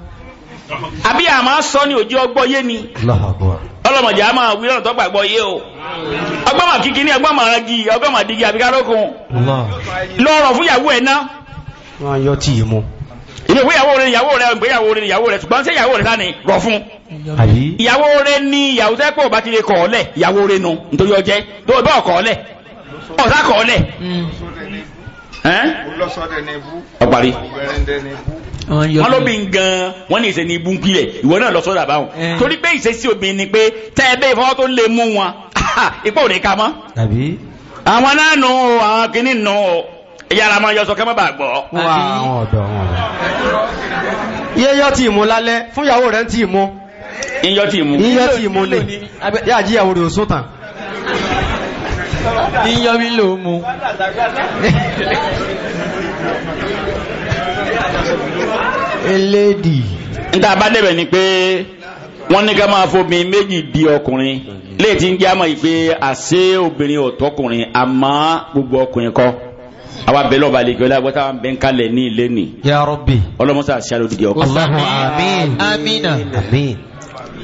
àbí àmọ́ sọ ní ojú ọgbọ́ yé ni ọlọ́mọdé a wí lọ́nà tó gbàgbọ́ yé o ọgbọ́mọ kíkí ní ọgbọ́mọ aragi ọgbọ́mọ adigi àbí kárókun lọ́rọ̀ fún ìyàwó ẹ̀ ná. yọ tí ì mu. ìyàwó rẹ ìyàwó rẹ rẹ ìyàwó rẹ ṣùgbọ́n ìyàwó rẹ sáni rọ fún. ìyàwó rẹ ní ìyàwó tẹ́ pé ti lè ọparí wọ́n lóbìn gan wọ́n ní ìṣe ní ibú ń pilẹ̀ ìwọ náà lọ sọ́dà báwọn torí pé ìṣesí obìnrin ni pé tẹ́ ẹ bẹ́ẹ̀ fọwọ́ tó lè mú wọn ipò òní ka mọ́. àwọn náà nù àwọn kìíní nù ẹ̀yà ara máa yọ sọ kẹ́mọ́ bà gbọ́. yíyọ tí ìmú lálẹ́ fún ìyàwó rẹ̀ ń tí ìmú. yíyọ tí ìmú. yíyọ tí ìmú ni yáà jíyàwó rẹ̀ ò sótàn yíyọ́ mi ló mú eléèdì. níta bá débẹ̀ ni pé wọ́n ní ká máa fomi méjì di ọkùnrin léètì ń jámọ̀ yìí pé àṣé obìnrin ọ̀tọ́kùnrin àmọ́ gbogbo ọkùnrin kọ́ àwa bẹ̀rẹ̀ ọba àlejò ẹ̀la gbọ́ta àwọn bẹ́ẹ̀ ń kalẹ̀ ní ilé ya Rabbi. ọlọ́mọsá àṣà lòdì ọkọ. Allahu àmín. àmín. àmín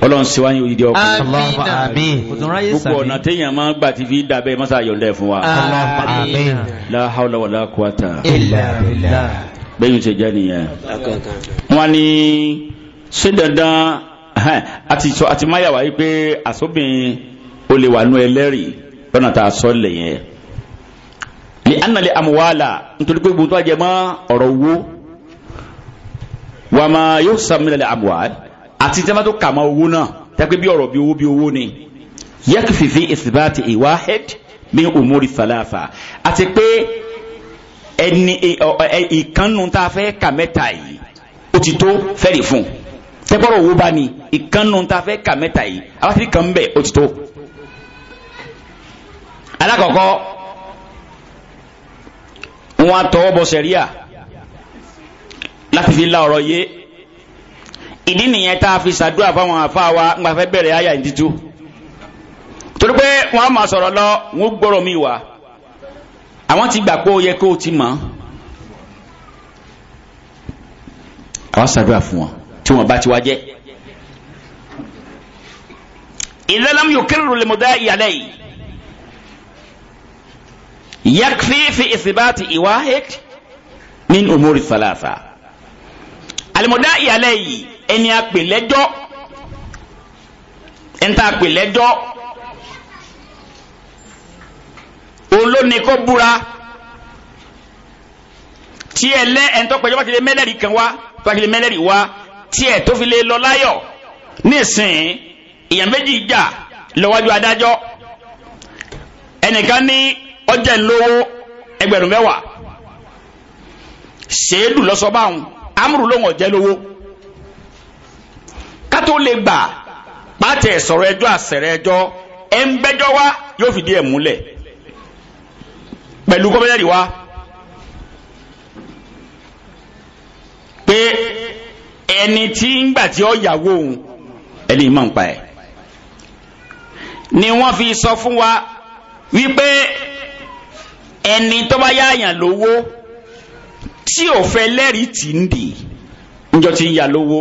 ọlọ́run síwá yín òyìnbí ọkùnrin àmín gbogbo ọ̀nà téèyàn máa gbà ti fi dàbẹ́ mọ́sá yọ̀ǹda ẹ̀ fún wa àmín la hawla wala quwata illa billah bẹ́yìn ṣe jẹ́ nìyẹn wọ́n ní ṣé dandan àti sọ àti máyàwá yìí pé àsóbìn ó lè wà nú ẹlẹ́rìí lọ́nà tá a sọ lẹ̀ yẹn ní ànàlẹ́ àmúwálà nítorí pé gbogbo tó a jẹ mọ́ ọ̀rọ̀ owó wàmà yóò sàmìlẹ̀ àmúwálà àti tí wọ́n tó kà mọ́ owó náà tẹ́pẹ́ bí ọ̀rọ̀ bí owó bí owó ni yẹ́kìfìfì ìsìbáàtì ìwáhẹ́d mi òmórí sàlàfà àti pé ẹni ìkànnù tá a fẹ́ kà mẹ́ta yìí ó ti tó fẹ́rẹ̀ fún tẹ́pọ̀rọ̀ owó bá ní ìkànnù tá a fẹ́ kà mẹ́ta yìí abátìrí kan bẹ̀ ó ti tó. alákọ̀ọ́kọ́ wọn tọwọ́ bọ sẹ̀ríà láti fi la ọ̀rọ̀ yé ìdí nìyẹn tá a fi ṣàdúrà fáwọn àfa wa ń gbàfẹ́ bẹ̀rẹ̀ àyà ìdíjú torí pé wọ́n á máa sọ̀rọ̀ lọ wọ́n gbọ́rọ̀ mi wá àwọn ti gbà pé ó yẹ kó o ti mọ̀ àwọn ṣàdúrà fún wọn tí wọ́n bá ti wá jẹ́ ìlẹ́lẹ́mú yóò kéré rúlẹ̀ mọ́dá ìyàlẹ́ yìí yakfi fi ìsìbáàtì ìwáhẹ́d ní òmùrí fàlàfà àlùmọ́dá ìyàlẹ́ yìí ẹni àpè lẹ́jọ́ ẹni tá àpè lẹ́jọ́ olóni kó búra tí ẹ lẹ́ ẹni tó pẹ̀jọ́ bá ti lè mẹ́lẹ́rì kan wá tó bá ti lè mẹ́lẹ́rì wá tí ẹ tó fi lè lọ láyọ̀ nísìnyí èèyàn méjì jà lọ́wọ́jú adájọ́ ẹnìkan ní ọjà ìlówó ẹgbẹ̀rún mẹ́wàá ṣèédù lọ́sọ báwọn amúrù lóhùn ọ̀jẹ́ lówó tó lè gbà pàtẹ sọ̀rọ̀ ẹjọ́ àsẹ̀rẹ̀ ẹjọ́ ẹ ń bẹ́jọ́ wá yóò fìdí ẹ̀ múlẹ̀ pẹ̀lú wa pé ẹni tí ń gbà tí ó yàwó òun ẹni ìmọ̀ ń pa ẹ̀ ni wọ́n fi sọ fún wa wípé ẹni tó bá yáàyàn lówó tí ò fẹ́ lẹ́rìí tì ń dì níjọ́ tí ń yà lówó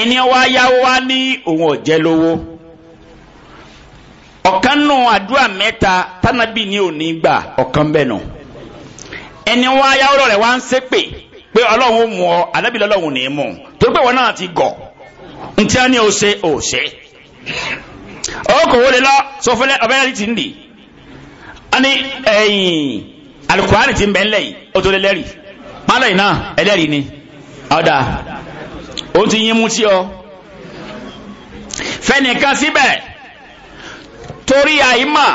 ẹni ọwọ yáwó ní òun lówó nù àdúrà ni ò ní gbà nù ẹni ọwọ wá ń pé mú ọ ànábì lọ́lọ́run ní mú tó pé wọn náà ti gọ ntí wọn ní o ṣe o ṣe lè lọ sọ yẹn ti ń ani ti ń ń ó tó lé ó ti yín mú sí ọ fẹnìkan síbẹ̀ torí àìmọ̀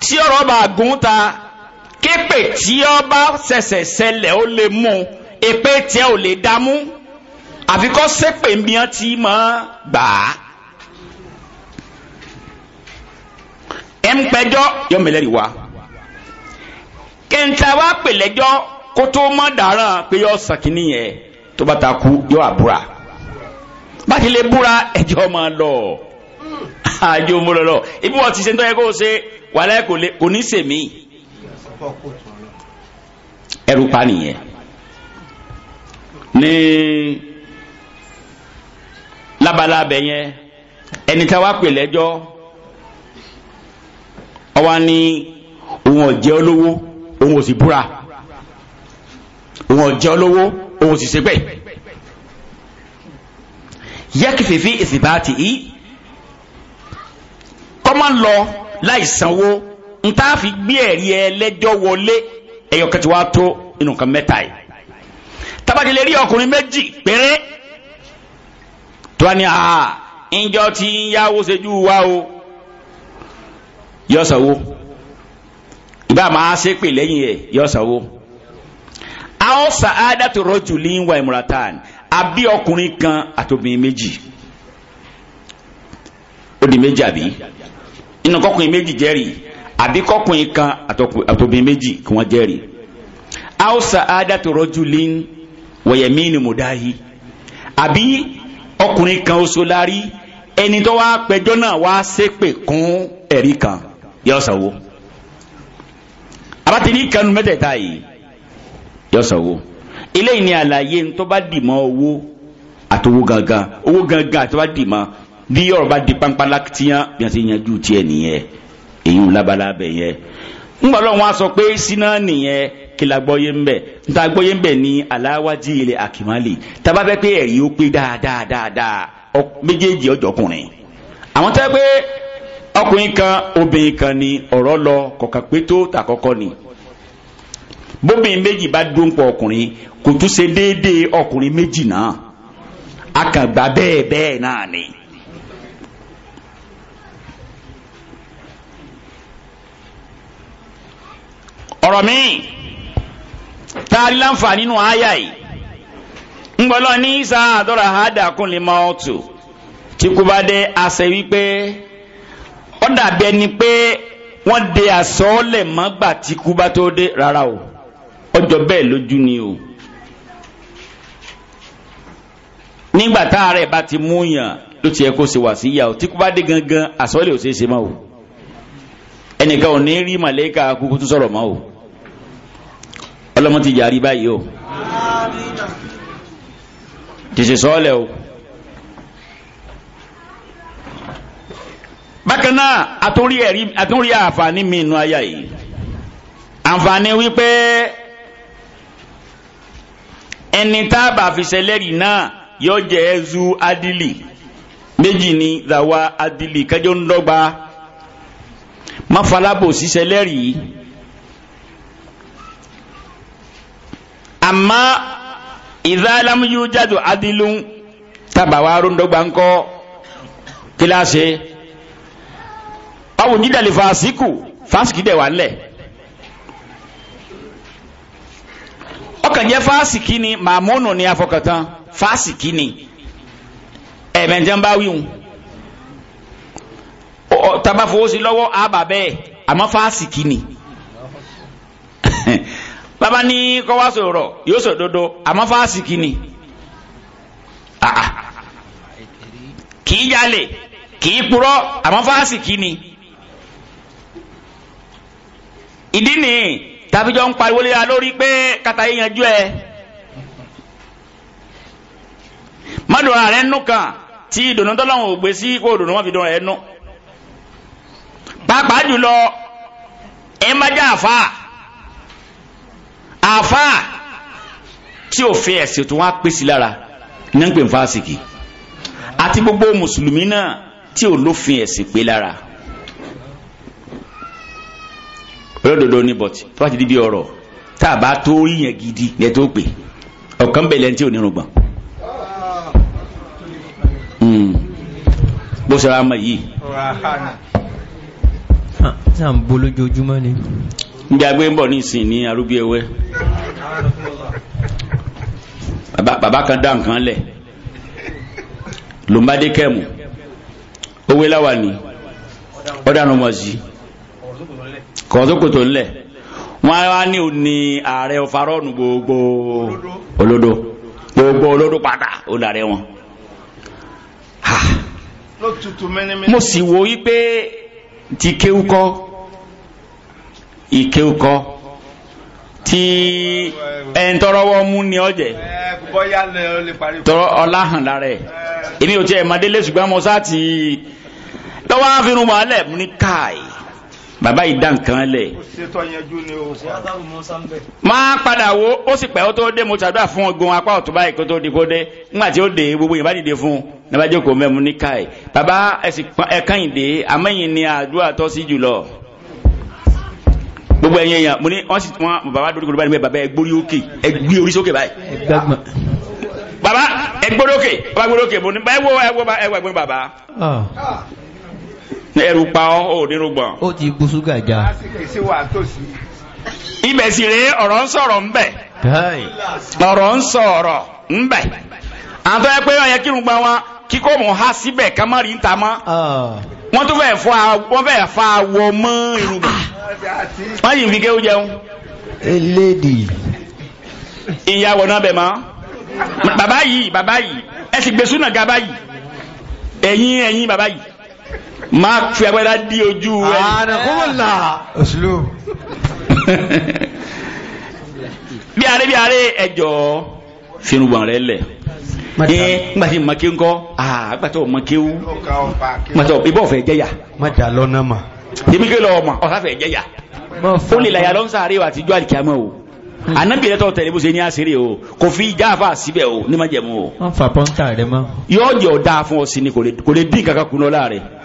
tí ọ̀rọ̀ bá gún ta képè tí ọ bá ṣẹ̀ṣẹ̀ ṣẹlẹ̀ ó lè mú èpè tí ò lè dámú àfikọ́ sépè mìíràn tí mọ̀ gbà á. ẹ ń pẹjọ́ yọmọlẹ́rìí wa kẹntà wa pè lẹ́jọ́ kótó mọ̀ dáràn pé yọ sàkínì yẹn tó bá ta kú yọ àbúrà bá ti lè búra ẹjọ́ máa lọ hmm. àjò mo lọ lọ ibi wọ́n ti ṣe ń yẹ kó o ṣe wàhálà kò ní sèmi ẹrù pa nìyẹn ní lábala yẹn ẹni tá a wá pè lẹ́jọ́ ọwọ́ ni òun ọ̀jẹ́ olówó òun ò sì búra òun ọ̀jẹ́ olówó òun ò sì ṣépè yẹ́kìfì fi ìsìbáàtì yìí kọ́mọ́ lọ láì sanwó n tá a fi gbé ẹ̀rí ẹ lẹ́jọ́ wọlé ẹ̀yọ kẹtì wá tó inú nǹkan mẹ́ta yìí tabadìlẹ̀ rí ọkùnrin méjì péré tó a ní a ìjọ tí ń yáwó ṣojú wa o yọ sanwó ìbá máa ṣe pè lẹ́yìn ẹ̀ yọ sanwó. a sàádà tó rọ́jù ní ìwà ìmúratán àbí ọkùnrin kan àtòbìnrin méjì ó di méjì àbí inú kọkùnrin méjì jẹ́rìí àbí kọkùnrin kan àtòbìnrin méjì kí wọ́n jẹ́rìí aosa adatu rojulin wọ̀yẹ̀mínú mọ̀dáyì àbí ọkùnrin kan oṣù lárí ẹni tó wá pẹjọ́ náà wá ṣépè kún ẹ̀rí kan yọ sanwó abatini kanu mẹ́tẹ̀ẹ̀ta yìí yọ sanwó. eléyìí ni àlàyé ń tó bá dì mọ́ owó àtowó gangan owó gangan tó bá dì mọ́ bí bá di pampan bí wọ́n ti yanjú tiẹ̀ nìyẹn èyí ń bẹ̀ yẹn wọn sọ pé síná nìyẹn kìlà gbọ́yé ń bẹ̀ gbọ́yé ń bẹ̀ ní aláwájú ilẹ̀ fẹ́ pé ẹ̀rí ó pé dáadáa dáadáa méjèèjì ọjọ́kùnrin àwọn tẹ́ pé ọkùnrin kan obìnrin kan ni ọ̀rọ̀ lọ kọ̀ọ̀kan pé tó tàkọ́kọ́ ni bóbìnrin méjì bá dúró pọ̀ ọkùnrin kò tún ṣe déédéé ọkùnrin méjì náà a kàn gbà bẹ́ẹ̀ bẹ́ẹ̀ náà ni. ọ̀rọ̀ mi taari láǹfààní nínú àyà yìí ngbọ́lọ́ ní isa àdọ́rà àdàkùn lè máa ọ̀tù tí kò bá dé àṣẹ wípé ó dàbí ẹni pé wọ́n de àsọ́ọ́lẹ̀ mọ́gbà tí bá tó dé rárá o ọjọ́ bẹ́ẹ̀ lójú ni o. nígbà tá a rẹ̀ bá ti mú yàn ló ti yẹ kó ṣe wà sí yà ó tí kú bá dé gangan àsọ́lẹ̀ ò ṣeé ṣe mọ́ o ẹnìkan ò ní rí màlẹ́kà kúkú tó sọ̀rọ̀ mọ́ o ọlọ́mọ ti yàrí báyìí o tètè sọ́ọ̀lẹ̀ o. bákan náà àtúnrí ẹ̀rí àtúnrí àǹfààní mi inú aya yìí àǹfààní wípé ẹni tá a bá fi ṣẹlẹ́rì náà yóò jẹ adili méjì ni zawa adili kájọ ń dọ́gba má falabò ṣiṣẹ́ lẹ́rìí àmọ́ ìdálámúyú jáde adilu tábàwá ló ń dọ́gba ńkọ́ kíláàsì báwo jídàlè fàásìkù fàásìkì dẹ̀ wà ńlẹ̀. ọkàn jẹ́ fásìkí ni màmúnù ni afọkàntán fásikì kini ẹ̀mẹ̀jẹ̀ ń bá wíwùn taba fowó sí lọ́wọ́ àbà bẹ́ẹ̀ àmọ́ fásikì ni bàbá ní kọ́ wá sọ̀rọ̀ yóò sọ dodo àmọ́ fásikì ni ah, ah. kì í jalè kì í purọ́ àmọ́ fásikì ni ìdí ni tàbí jọ ń pariwo lórí pé kàtà yíyanjú ẹ. má dùn ara rẹ nù kan tí ìdùnnú tọ́lọ́hún ò gbé sí kó ìdùnnú wọn fi dùn rẹ nù. pàápàá jùlọ ẹ e má jẹ́ àfa àfa tí ò fẹ́ ẹ̀sìn tó wá pèsè lára ní ń pè ń fásikì àti gbogbo mùsùlùmí náà tí ò lófin ẹ̀sìn pé lára olódodo ní bọ̀tì tó bá ti di tá a bá tó yíyan gidi lẹ́tọ́ pé ọ̀kan bẹ̀lẹ̀ tí ò ní rúgbọ̀n. bó ṣe ra mọ̀ yìí. ṣáà ń bo lójoojúmọ́ ni. ń jagbé ń bọ̀ ní ìsìn ní arúgbó ewé bàbá kan dá nǹkan lẹ̀ ló ń bá dé kẹ́mù owó láwà ní ọ̀dànù mọ̀sí kọ̀ọ̀tọ́kòtò ńlẹ̀ wọ́n á ní òní ààrẹ ọ̀farọ́ọ̀nù gbogbo olódó gbogbo olódó pátá ó wọn mo sì wo wípé ti kéwú kọ́ ìkéwú kọ́ tí ẹn tọrọwọ mú ni ọjẹ eh, tọrọ ọlá hàn lára ẹ eh. èmi ò tiẹ̀ mọ̀ délé ṣùgbọ́n mo sá ti lọ́wọ́ àfihàn wàhálẹ̀ mo ní káì bàbá yìí dá nǹkan lẹ̀. máa padà wo ó sì pẹ́ ó tó dé mo ṣàdúrà fún ogun apá ọ̀tún báyìí kó tó di kó dé nígbà tí ó dé gbogbo yìí bá dìde fún un nígbà tí ó kò mẹ́mu ní káì bàbá ẹ̀kan ìdè amẹ́yìn ni àdúrà tọ́ sí jùlọ. gbogbo ẹ̀yin èèyàn mo ní wọ́n sì wọ́n bàbá dúró kúrò báyìí pé bàbá ẹgbórí òkè ẹgbí orí sókè báyìí. bàbá ẹgbórókè bàbá ẹgbórókè mo ní ẹ wo ẹ wo ẹ wo bàbá. Ah ẹrù pa ọ́ ò nínú gbọ̀n. ó ti kú ṣúgà já. ibẹ̀ sì rèé ọ̀rọ̀ ń sọ̀rọ̀ ń bẹ̀. ọ̀rọ̀ ń sọ̀rọ̀ ń bẹ̀. àwọn tó yẹ pé ọ̀yẹ́ kírun gba wọn kíkó mọ̀ ha síbẹ̀ ká má rí ń ta mọ́. Ah. wọ́n tún fẹ́ẹ̀ fa wọ́n fẹ́ẹ̀ fa wọ mọ́ irùngbọ̀n. wọ́n yìí fi kéwú jẹun. eléèdì. ìyàwó náà bẹ̀ mọ́. bàbá yìí bàbá yìí ẹ sì gbèsùn náà ga báyìí ẹ̀yin ẹ̀yin bàbá yìí máa fi agbádá dí ojú rẹ̀ ànàkúnmọ̀lá òṣìlò bí ààrẹ bí ààrẹ ẹjọ́ finubọ̀n rẹ̀ lẹ̀ ẹ ngbàtí mọ̀kí ńkọ́ àgbàtọ̀ mọ̀kí wú mọ̀tọ̀ ibọ̀ fẹ́ jẹ́yà mọ̀dà lọ́nà mà èmi kí lọ ọmọ ọ̀sá fẹ́ jẹ́yà ó lè làyà lọ́n sáré wa àtijọ́ àdìkíámọ́ o anabi hmm. yẹtọ tẹlẹ bó ṣe ní àṣírí o kò fi jáfa síbẹ̀ o ní ma jẹ̀mú o. wọ́n fa pọ́ńtà rẹ mọ́. yọ jẹ́ ọ̀dà fún ọ sí ni kò lè dín kankan kun lọ́la rẹ̀.